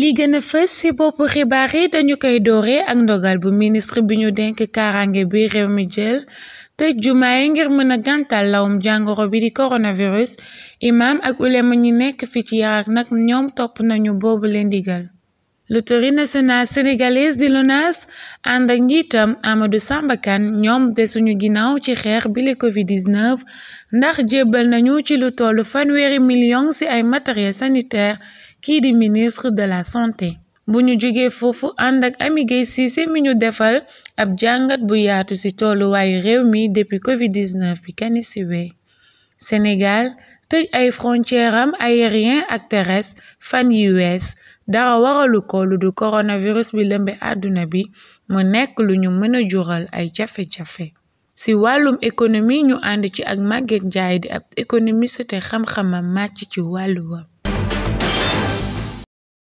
li gën a fës ci boppu xibaar yi dañu koy dooree ak ndogal bu ministre bi ñu denk kaaraange bi réew mi jël te jumaa yi ngir mën a gàntal lawum jàngoro bi di coronavirus imaam ak ulema ñi nekk fi ci Yarax nag ñoom topp nañu boobu leen digal loterie nationale sénégalaise di LONASE ànd ak njiitam Amadou sambakan Kane ñoom desuñu ginnaaw ci xeex bi la covid 19 ndax jébbal nañu ci lu tollu fanweeri million ci ay matériel sanitaire kii di ministre de la santé bu ñu jógee foofu ànd ak Amy Guèye Cissé mi defal ab jàngat bu yaatu ci tolluwaayu réew mi depuis Covid 19 bi kani si wee Sénégal tëj ay frontière am aérien ak teres fan yi wees dara waralu ko lu du coronavirus bi lëmbe àdduna bi mu nekk lu ñu mën a jural ay jafe-jafe. ci wàllum économie ñu ànd ci ak Maguette Ndiaye di ab économiste te xam-xamam màcc ci wàllu wam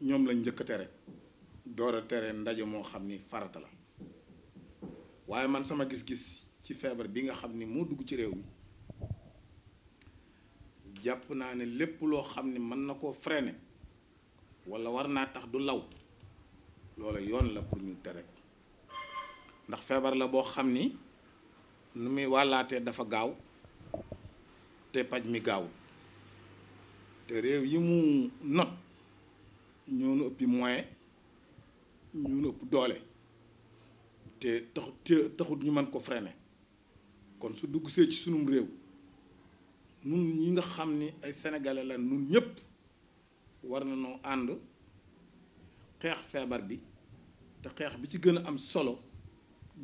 ñoom lañ njëkk a tere door a tere ndaje moo xam ni farata la waaye man sama gis-gis ci feebar bi nga xam ni moo dugg ci réew mi jàpp naa ne lépp loo xam ne mën na koo freiner walla war naa tax du law loola yoon la pour ñu tere ndax feebar la boo xam ni nu muy wàllaatee dafa gaaw te paj mi gaawul te réew yi mu not ëppi moyen ñun ëpp doole te taxut taxut ñu man ko freiner kon su dugg see ci sunum réew nun ñi nga xam ni ay sénégalais la nun ñëpp war na noo ànd xeex feebar bi te xeex bi ci gën a am solo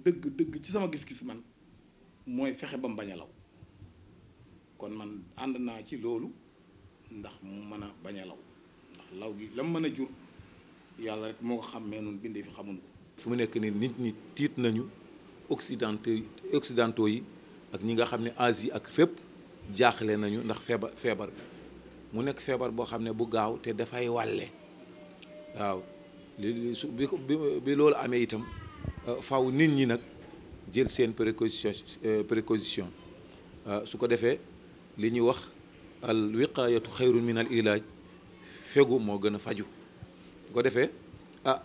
dëgg dëgg ci sama gis-gis man mooy fexe ba mu bañ a law kon man ànd naa ci loolu ndax mu mën a bañ a law ndax law gi la mu mën a jur yàlla rek moo ko xam mais noonu bindee fi xamuñ ko. fi mu nekk ni nit ñi tit nañu occidentaux occidentaux yi ak ñi nga xamné Asie ak fep jaxlé nañu ndax feebar feebar bi mu nekk feebar bo xamné bu gaaw te da fay walé waaw li bi bi loolu amee itam faaw nit ñi nak jël seen précaution précaution su ko défé li ñi wax al wiqayatu khayrun min al ilaj fegu mo gëna faju ko defee ah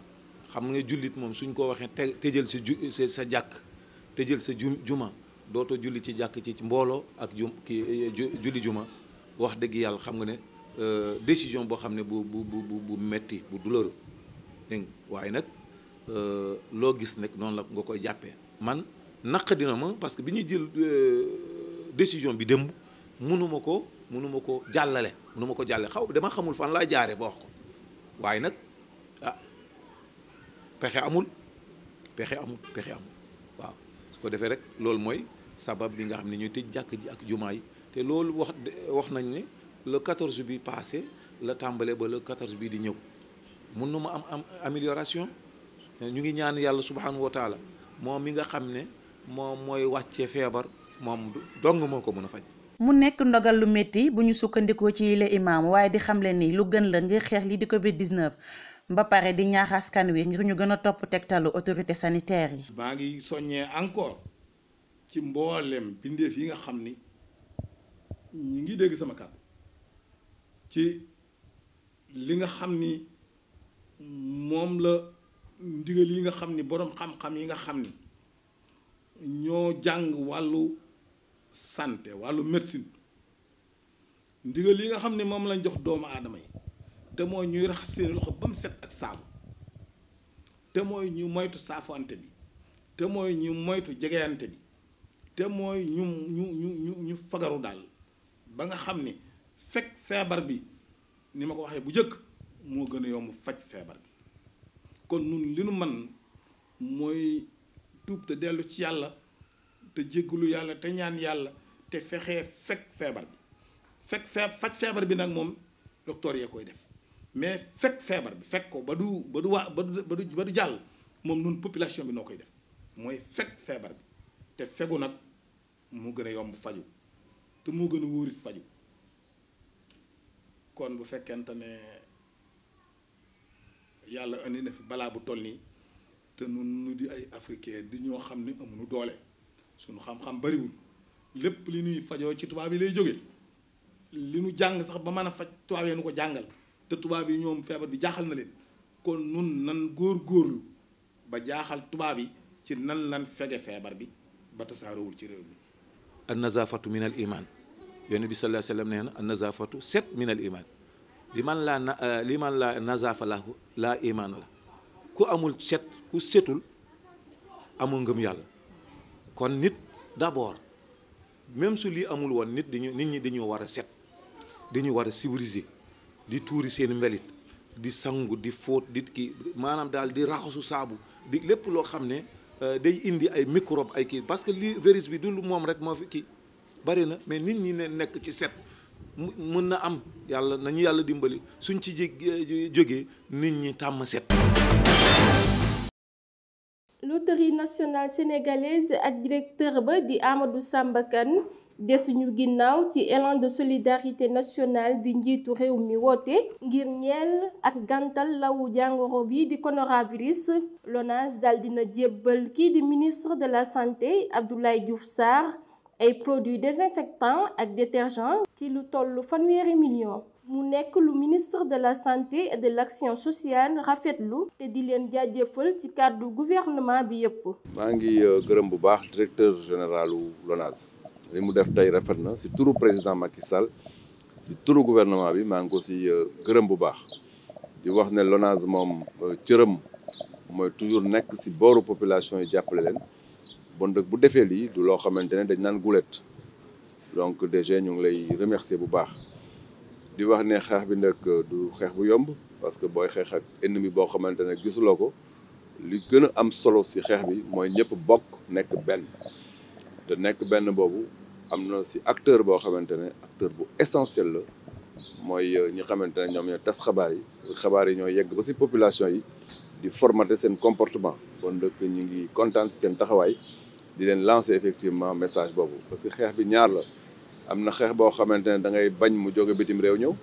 xam nga jullit moom suñ ko waxee te jël sa ju sa jàkk jël sa ju juma dooto julli ci jàkk ci mbooloo ak jum ki julli juma wax dëgg yàlla xam nga ne euh, décision boo xam ne bu bu bu bu metti bu douloureux dégg waaye nag euh, loo gis nag noonu la nga koy jàppee man naq dina ma parce que bi ñu jël euh, décision bi démb mënuma ko mënuma ko jàllale mënuma ko jàllale xaw dama xamul fan laa jaaree ba wax ko waaye nag pexe amul pexe amul pexe amul waaw su ko defee rek loolu mooy sabab bi nga xam ne ñuy tëj jàkk ji ak jumaa yi te loolu wax wax nañ ne le 14 bi passé la tàmbale ba le 14 bii di ñëw mun na ma am am amélioration ñu ngi ñaan yàlla subhanahu wa taala moom mi nga xam ne moom mooy wàcce feebar moom dong moo ko mën a faj mu nekk ndogal lu métti bu ñu sukkandikoo ci la imaam waaye di xamle ni lu gën la ngir xeex li di covid 19 ba pare di ñaax askan wi ngir ñu gën a topp tegtalu autorité sanitaire yi. baa ngi soññee encore ci mboolem bindeef yi nga xam ni ñu ngi dégg sama kàddu ci li nga xam ni moom la ndigal yi nga xam ni boroom xam-xam yi nga xam ni ñoo jàng wàllu santé wàllu médecine ndigal yi nga xam ni moom lañ jox doomu aadama yi. te mooy ñuy raxas seen loxo ba mu set ak saabu te mooy ñu moytu saafante bi te mooy ñu moytu jegeyante bi te mooy ñu ñu ñu ñu fagaru daal ba nga xam ni fekk feebar bi ni ma ko waxee bu njëkk moo gën a yomb faj feebar bi kon nun li nu man mooy tuub te dellu ci yàlla te jéggalu yàlla te ñaan yàlla te fexee fekk feebar bi fekk fee faj feebar bi nag moom docteur yee koy def mais fekk feebar bi fekk ko ba du ba du waa ba du ba du jàll moom nun population bi noo koy def mooy fekk feebar bi te fegu nag mu gën a yomb faju te mu gën a wóorit faju kon bu fekkente ne yàlla indi na fi balaa bu toll nii te nun nu di ay africain di ñoo xam ne amuñu doole suñu xam-xam bariwul lépp li ñuy fajoo ci tubaab yi lay jóge li nu jàng sax ba mën a faj tubaab yi nu ko jàngal te tubaab yi ñoom feebar bi jaaxal na leen kon nun nan góor góorlu ba jaaxal tubaab yi ci nan lan fege feebar bi ba tasaaroowul ci réew mi an nazafatu min al iman yonent bi sallallahu alayhi wasallam na an nazafatu set min al iman li man laa na euh, laa nazafa la laa iman la ku amul set ku setul amul ngëm yàlla kon nit d'abord même su lii amul woon nit diñu nit ñi dañu war a set dañu war a civiliser di tuuri seen mbelit di sangu di fóot di ki maanaam daal di raxasu saabu di lépp loo xam ne euh, day indi ay microbe ay kii parce que li virus bi du moom rek moo fi kii bari na mais nit ñi ne nekk ci set mën na am yàlla nañu yàlla dimbali suñ ci euh, jógee nit ñi tàmm set loterie nationale sénégalaise ak directeur ba di Amadou Samba Kane dessuñu ginnaaw ci élan de solidarité nationale bi njiitu réew mi ngir dal ministre de la santé Abdoulaye Diouf et ay produits désinfectants ak détergents ci lu tollu ministre de la santé et de l'action sociale rafetlu te di leen ci gouvernement bi yépp ngi euh, gërëm bu baax directeur li mu def tey rafet na si turu président Macky Sall si turu gouvernement bi maa ngi ko si euh, gërëm bu baax di wax ne LONASE moom euh, cërëm mooy toujours nekk si booru population yi jàppale leen bon dëgg bu defee lii du loo xamante ne dañ naan gulet donc déjà ñu ngi lay remercier bu baax di wax ne xeex bi nag euh, du xeex bu yomb parce que booy xeex ak ennemi boo xamante ne gisuloo ko li gën a am solo si xeex bi mooy ñëpp bokk nekk benn te nekk benn boobu am na si acteur boo xamante ne acteur bu essentiel la mooy euh, ñu xamante ne ñoom ñooy tas xabaar yi xabaar yi ñoo yegg ba si population yi di formater seen comportement kon dëkk ñu ngi kontaan si seen taxawaay di leen lancer effectivement message boobu parce que xeex bi ñaar la am na xeex boo xamante ne da ngay bañ mu jóge bitim réew ñëw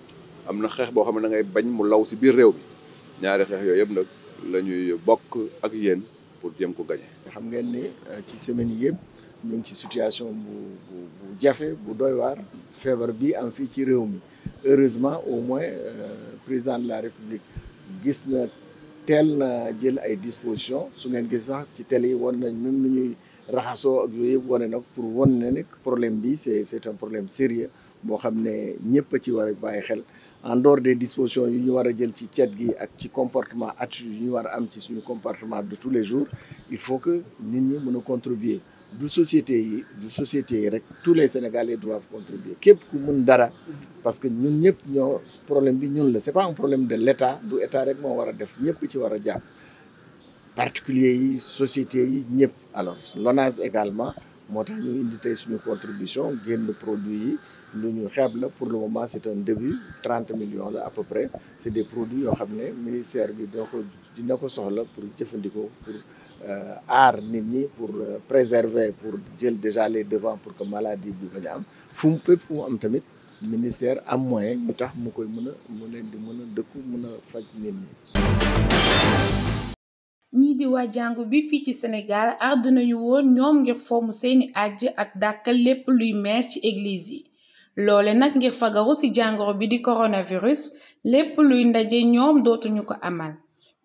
am na xeex boo xam ne da ngay bañ mu law si biir réew bi ñaari xeex yooyu yëpp nag la ñuy bokk ak yéen pour jéem ko gañe xam ngeen ni euh, ci semaine yëpp ñu ngi ci situation bu bu bu jafe bu doy waar feebar bi am fii ci réew mi heureusement au moins euh, président de la république gis na teel na jël ay dispositions su ngeen gis sax ci télé yi wan nañ même nu ñuy raxasoo ak yooyu yëpp wane nag pour wan ne nag problème bi c'est c'est un problème sérieux boo xam ne ñëpp ci war a bàyyi xel en dehors des dispositions yu ñu war a jël ci cet gi ak ci comportement attitude yu ñu war a am ci suñu comportement de tous les jours il faut que nit ñi mën a contribuer du société yi du société yi rek tous les sénégalais doivent contribuer képp ku mun dara parce que ñun ñëpp ñoo problème bi ñun la c'est pas un problème de l'état du état rek moo war a def ñëpp ci war a jàpp yi société yi ñëpp alors l'onage également moo tax ñu indi tey suñu contribution génn produit yi lu ñu xeeb la pour le moment c'est un début trente millions la à peu près c'est des produits yoo xam ne ministère bi dina ko dina ko soxla pour jëfandikoo pour euh, aar nit ñi pour euh, préserver pour jël déjà les devants pour que maladie bi bañ am fu mu fu mu am tamit ministère am moyen ñu tax mu koy mën a mu leen di mën a dëkku mën a faj nit ñi ñii di waa jàngu bi fii ci Sénégal ardu dinañu woon ñoom ngir fomm seeni àjj ak dàkkal lépp luy mees ci église yi loole nag ngir fagaru ci jàngoro bi di coronavirus lépp luy ndaje ñoom dootuñu ko amal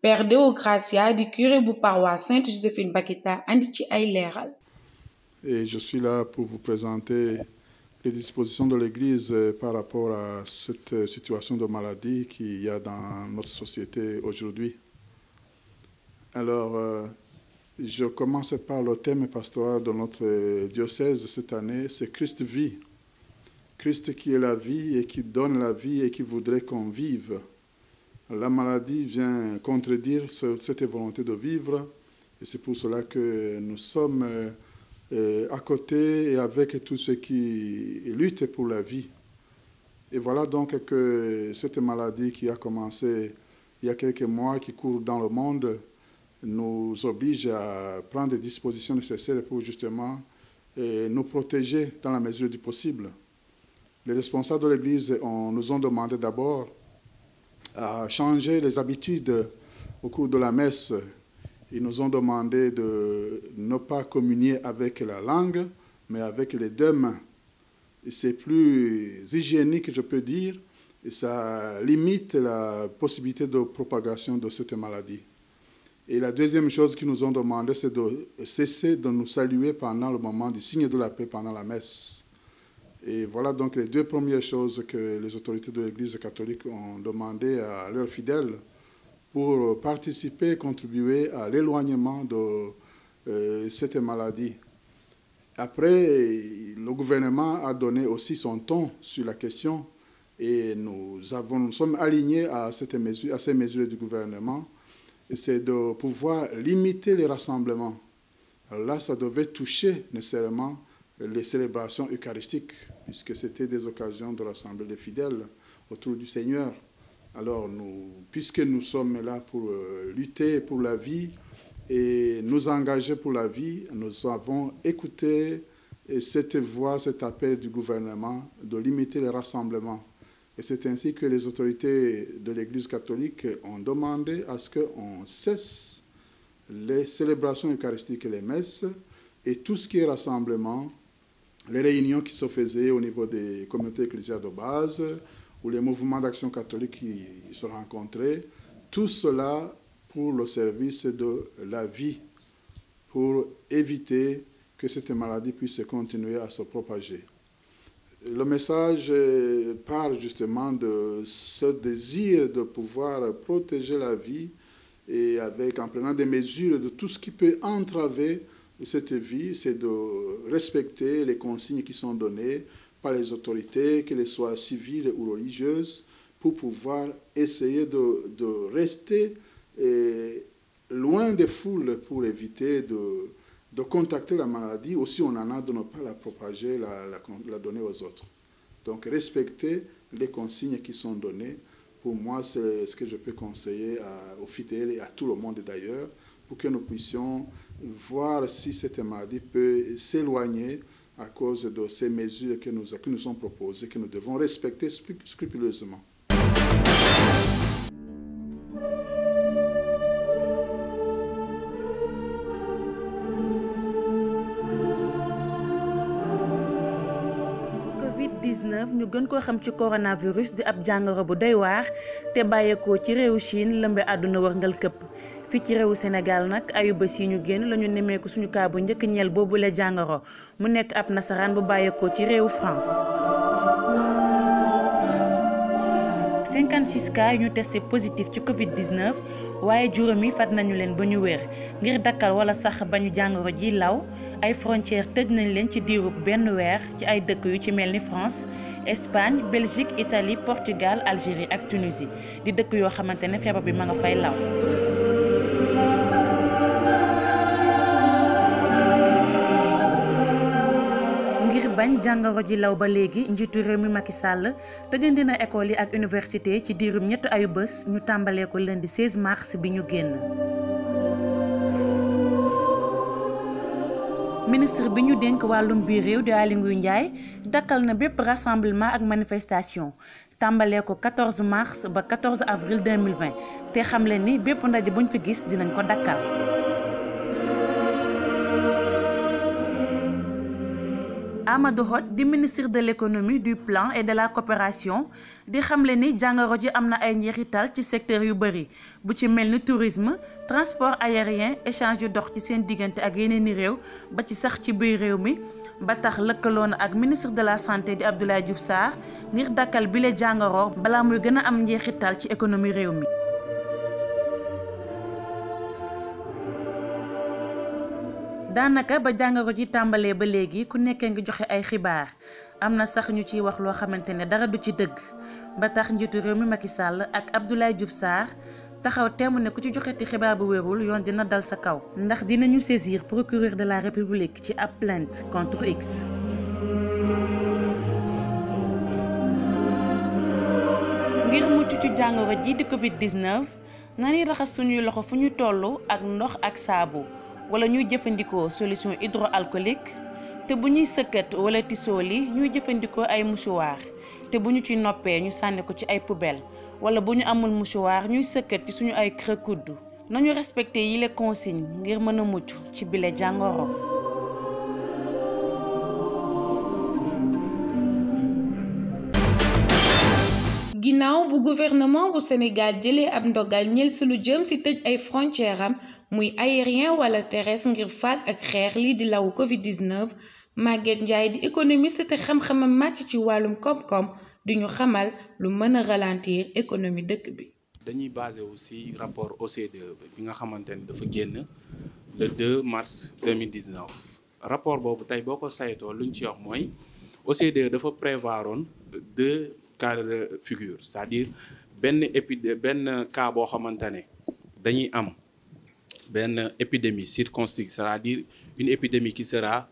Père Deo Gracia du curé bu paroisse Sainte Joséphine Baketa, Andichi Aileral. Et je suis là pour vous présenter les dispositions de l'Église euh, par rapport à cette euh, situation de maladie qu'il y a dans notre société aujourd'hui. Alors, euh, je commence par le thème pastoral de notre diocèse cette année, c'est Christ vit. Christ qui est la vie et qui donne la vie et qui voudrait qu'on vive la maladie vient contredire cette volonté de vivre. Et c'est pour cela que nous sommes euh, euh, à côté et avec tous ceux qui luttent pour la vie. Et voilà donc que cette maladie qui a commencé il y a quelques mois, qui court dans le monde, nous oblige à prendre des dispositions nécessaires pour justement euh, nous protéger dans la mesure du possible. Les responsables de l'Église nous ont demandé d'abord à changer les habitudes au cours de la messe. Ils nous ont demandé de ne pas communier avec la langue, mais avec les deux mains. C'est plus hygiénique, je peux dire, et ça limite la possibilité de propagation de cette maladie. Et la deuxième chose qu'ils nous ont demandé, c'est de cesser de nous saluer pendant le moment du signe de la paix, pendant la messe. Et voilà donc les deux premières choses que les autorités de l'Église catholique ont demandé à leurs fidèles pour participer et contribuer à l'éloignement de euh, cette maladie. Après, le gouvernement a donné aussi son ton sur la question et nous, avons, nous sommes alignés à, cette mesure, à ces mesures du gouvernement. C'est de pouvoir limiter les rassemblements. là, ça devait toucher nécessairement les célébrations eucharistiques, puisque c'était des occasions de rassembler les fidèles autour du Seigneur. Alors, nous, puisque nous sommes là pour euh, lutter pour la vie et nous engager pour la vie, nous avons écouté cette voix, cet appel du gouvernement de limiter les rassemblements. Et c'est ainsi que les autorités de l'Église catholique ont demandé à ce qu'on cesse les célébrations eucharistiques et les messes et tout ce qui est rassemblement les réunions qui se faisaient au niveau des communautés ecclésiales de base, ou les mouvements d'action catholique qui se rencontraient, tout cela pour le service de la vie, pour éviter que cette maladie puisse continuer à se propager. Le message parle justement de ce désir de pouvoir protéger la vie et avec, en prenant des mesures de tout ce qui peut entraver cette vie, c'est de respecter les consignes qui sont données par les autorités, qu'elles soient civiles ou religieuses, pour pouvoir essayer de, rester eh, loin des foules pour éviter de, contacter la maladie, ou si on en a de ne pas la propager, la, la, donner aux autres. Donc respecter les consignes qui sont données, pour moi c'est ce que je peux conseiller à, aux fidèles et à tout le monde d'ailleurs, pour que nous puissions voir si cette maladie peut s'éloigner à cause de ces mesures que nous, que nous sont proposées, que nous devons respecter scrupuleusement. ñu gën koo xam ci coronavirus di ab jàngoro bu doy waar te bàyyeekoo ci réewu Chine lëmbe àdduna wërngal këpp fii ci réewu senegal nag ayu bés ñu génn lañu nemmeeku suñu kaa bu njëkk ñeel boobule jàngoro mu nekk ab nasaraan bu bàyyeekoo ci réewu France. 56 cas yu ñu testé positif ci Covid 19 waaye juróomi fat nañu leen ba ñu wér ngir dakkal wala sax ba ñu jàngoro ji law ay frontières tëj nañ leen ci diirub benn weer ci ay dëkk yu ci mel ni France. Espagne Belgique Italie Portugal Algérie ak Tunisie di dëkk yo xamantene fièvre bi ma nga fay law ngir bañ jàngoro ji law ba léegi njiitu réew mi Macky Sall tëjandi na école yi ak université ci diirum ñett ayu bés ñu tàmbalee ko lundi 16 mars bi ñu génn ministre bi ñu dénk wàllum biir réew di Aly Ngouille Ndiaye dakkal na bépp rassemblement ak manifestation tàmbalee ko 14 mars ba 14 avril 2020 te xam leen ni bépp ndaje bu ñu fi gis dinañ ko dakkal Amadou Hott di ministre de l'économie du plan et de la coopération di xamle ni amna ji am ay ci secteur yu bëri bu ci tourisme transport aérien échange yu dox ci seen diggante ak yeneeni réew ba ci sax ci mi ba tax lëkkaloo ak ministre de la santé di Abdoulaye Diouf Sarr ngir dakkal bile jàngoro balaa am ci économie réew mi. daanaka ba jàngoro ji tàmbalee ba léegi ku nekkee ngi joxe ay xibaar am na sax ñu ciy wax loo xamante ne dara du ci dëgg ba tax njiitu réew mi Macky Sall ak Abdoulaye Diouf taxaw teemu ne ku ci joxe joxeti xibaar bu wérul yoon dina dal sa kaw ndax dinañu saisir procureur de la République ci ab plainte contre X ngir mucc ci jàngoro ji di Covid 19 na ñuy raxas suñuy loxo fu ñu toll ak ndox ak saabu. wala ñuy jëfandikoo solution hydroalcoolique te bu ñuy sëkkat wala tisoo li ñuy jëfandikoo ay mouchoir te bu ñu ci noppee ñu sànni ko ci ay poubelle wala bu ñu amul mouchoir ñuy sëkkat ci suñu ay creux kuddu nañu respecté yile consigne ngir mën a mucc ci bile jàngoro. ginnaaw bu gouvernement bu Sénégal jëlé ab ndogal ñël si lu jëm ci tëj ay frontière am muy aérien wala terrestre ngir faak ak xeex li di lawu Covid 19 Maguette Ndiaye di économiste te xam-xamam màcc ci walum kom kom di ñu xamal lu mëna ralentir économie dëkk bi. dañuy basé aussi rapport OCDE bi nga xamantene dafa génn le 2 mars 2019 rapport bobu tay boko ko luñ ci wax moy OCDE dafa prévoiroon deux cas de figure c'est-à-dire ben épi benn cas bo xamantane dañuy am ben épidémie circonscrite c'est-à-dire une épidémie qui sera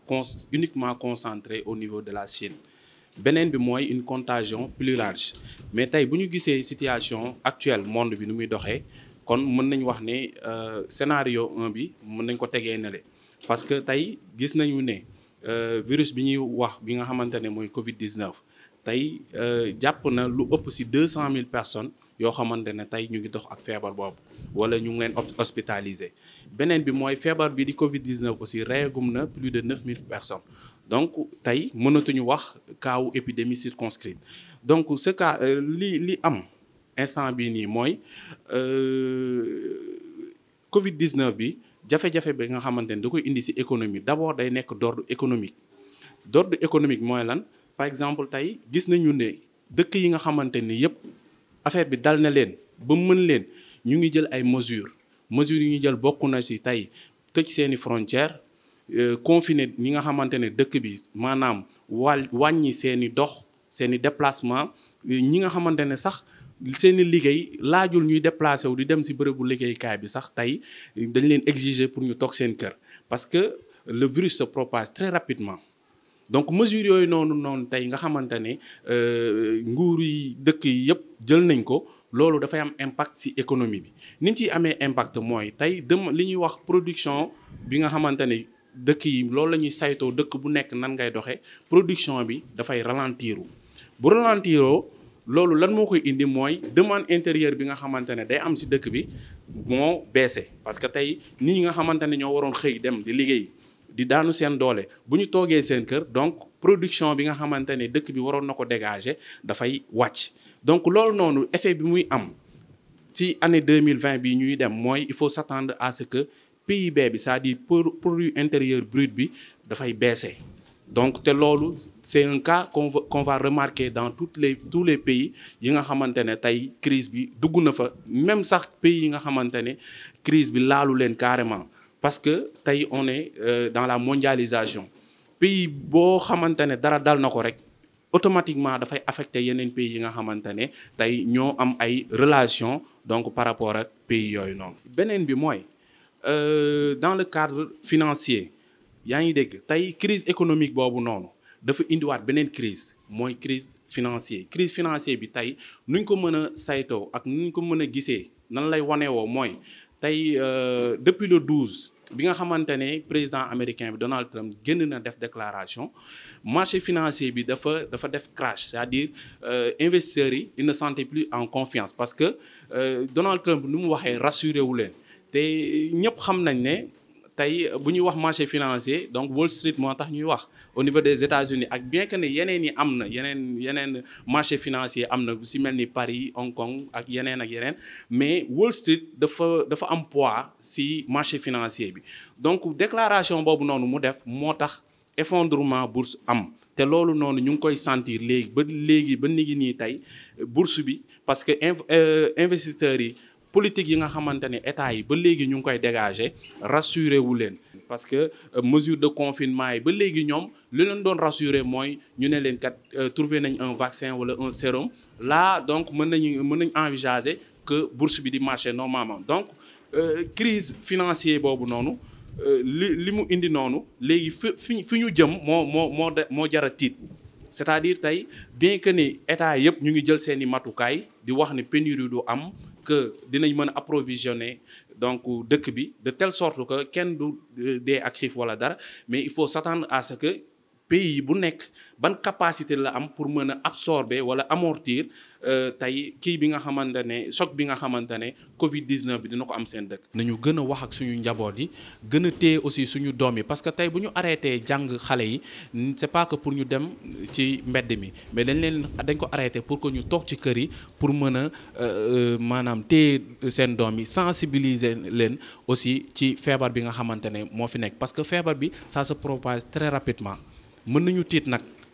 uniquement concentrée au niveau de la Chine Benen bi moy une contagion plus large mais tay buñu gissé situation actuelle monde bi numuy doxé, kon mën nañ wax né euh, scénario 1 bi mën nañ ko tegee nele parce que tay gis nañu ne euh, virus bi ñuy wax bi nga xamante moy Covid 19 tey euh, jàpp na lu ëpp si deux personnes yoo xamante ne tey ñu ngi dox ak feebar boobu wala ñu ngi leen hospitalisé beneen bi mooy feebar bi di Covid 19 aussi reyagum na plus de 9000 personnes donc tey mënatuñu wax kaawu épidémie circonscrite donc ce cas euh, li li am instant bii nii mooy euh, Covid 19 bi. jafe-jafe bi nga xamante ne da koy indi si économie d'abord day nekk d'ordre économique d'ordre économique mooy lan par exemple tay gis nañu ne dëkk yi nga xamante ni yëpp affaire bi dal na leen ba mën leen mesures mesures yi ñu jël na frontières euh, ñi nga bi seeni dox seeni déplacement ñi nga sax seeni ñuy wu di dem bi sax pour ñu toog seen parce que le virus se propage très rapidement donc mesure yooyu noonu noonu tey nga xamante ne euh, nguur yi dëkk yi yëpp jël nañ ko loolu dafay am impact ci économie bi ni mu ciy amee impact mooy tey dem li ñuy wax production bi nga xamante ne dëkk yi loolu la ñuy saytoo dëkk bu nekk nan ngay doxee production bi dafay ralentiru bu ralentiroo loolu lan moo koy indi mooy demande intérieur bi nga xamante ne day am si dëkk bi moo baissé parce que tey nit ñi nga xamante ne ñoo waroon xëy dem di liggéey di daanu seen doole bu ñu toogee seen kër donc production bi nga xamante ne dëkk bi waroon na ko dégager dafay wàcc donc loolu noonu effet bi muy am ci année 2020 bi ñuy dem mooy il faut s'attendre à ce que PIB bi c'est-à-dire pour produit intérieur brut bi dafay baisser donc te loolu c'est un cas qu'on va qu'on va remarquer dans toutes les tous les pays yi nga xamante ne tey crise bi dugg na fa même sax pays yi nga xamante ne crise bi laalu leen carrément parce que tey on est euh, dans la mondialisation pays boo xamante dara dal na rek automatiquement fay affecter yenen pays yi nga xamante tay ño am ay relation donc par rapport ak pays yooyu non benen bi euh dans le cadre financier yaa ngi tay crise économique da fa indi wat benen crise moy crise financier crise financier bi tay nuñ ko meuna sayto ak nuñ ko meuna a nan lay wanewoo mooy. Euh, depuis le 12 bi nga xamante le président américain Donald Trump a na def déclaration marché financier bi dafa dafa crash c'est-à-dire euh, investisseurs yi ils ne sentaient plus en confiance parce que euh, Donald Trump nu mu waxee rassuré wu leen te xam tay buñu wax marché financier donc Wall Street moo tax ñuy wax au niveau des États-Unis ak bien que ne yeneen yi am na yeneen yeneen marché financier am na si mel ni Paris Hong Kong ak yeneen ak yeneen mais Wall Street dafa dafa am poids si marché financier bi donc déclaration boobu noonu mu def moo tax effondrement bourse am te loolu noonu ñu ngi koy sentir léegi ba léegi ba nigi tey bourse bi parce que euh, investisseurs yi politique yi nga xamante ne état yi ba léegi ñu ngi koy dégager rassurer wu len parce que euh, mesure de confinement yi ba léegi ñom li leen doon rassurer mooy ñu ne leen kat euh, trouver nañ un vaccin wala un sérum là donc mën nañ mën nañ envisager que bourse bi di marché normalement donc euh, crise financière boobu noonu li li mu indi noonu léegi fi fi ñu jëm moo moo moo moo jar a tiit c'est-à-dire tey bien que ni état yëpp ñu ngi jël seen i matukaay di wax ne pénurie du am que dinañ mën approvisionner donc dëkk bi de telle sorte que kenn du mais il faut s'attendre à ce que pays bu une ban capacité la pour absorber wala amortir euh, tey kii bi nga xamante ne choc bi nga xamante ne Covid 19 bi dina ko am seen dëkk. nañu gën a wax ak suñu njaboot yi gën a téye aussi suñu doom yi parce que tey bu ñu arrêté jàng xale yi c'est pas que pour ñu dem ci mbedd mi mais dañ leen dañ ko arrêté pour que ñu toog ci kër yi pour mën a euh, euh, maanaam téye seen doom yi sensibiliser leen aussi ci feebar bi nga xamante ne moo fi nekk parce que feebar bi ça se propage très rapidement mën nañu tiit nag.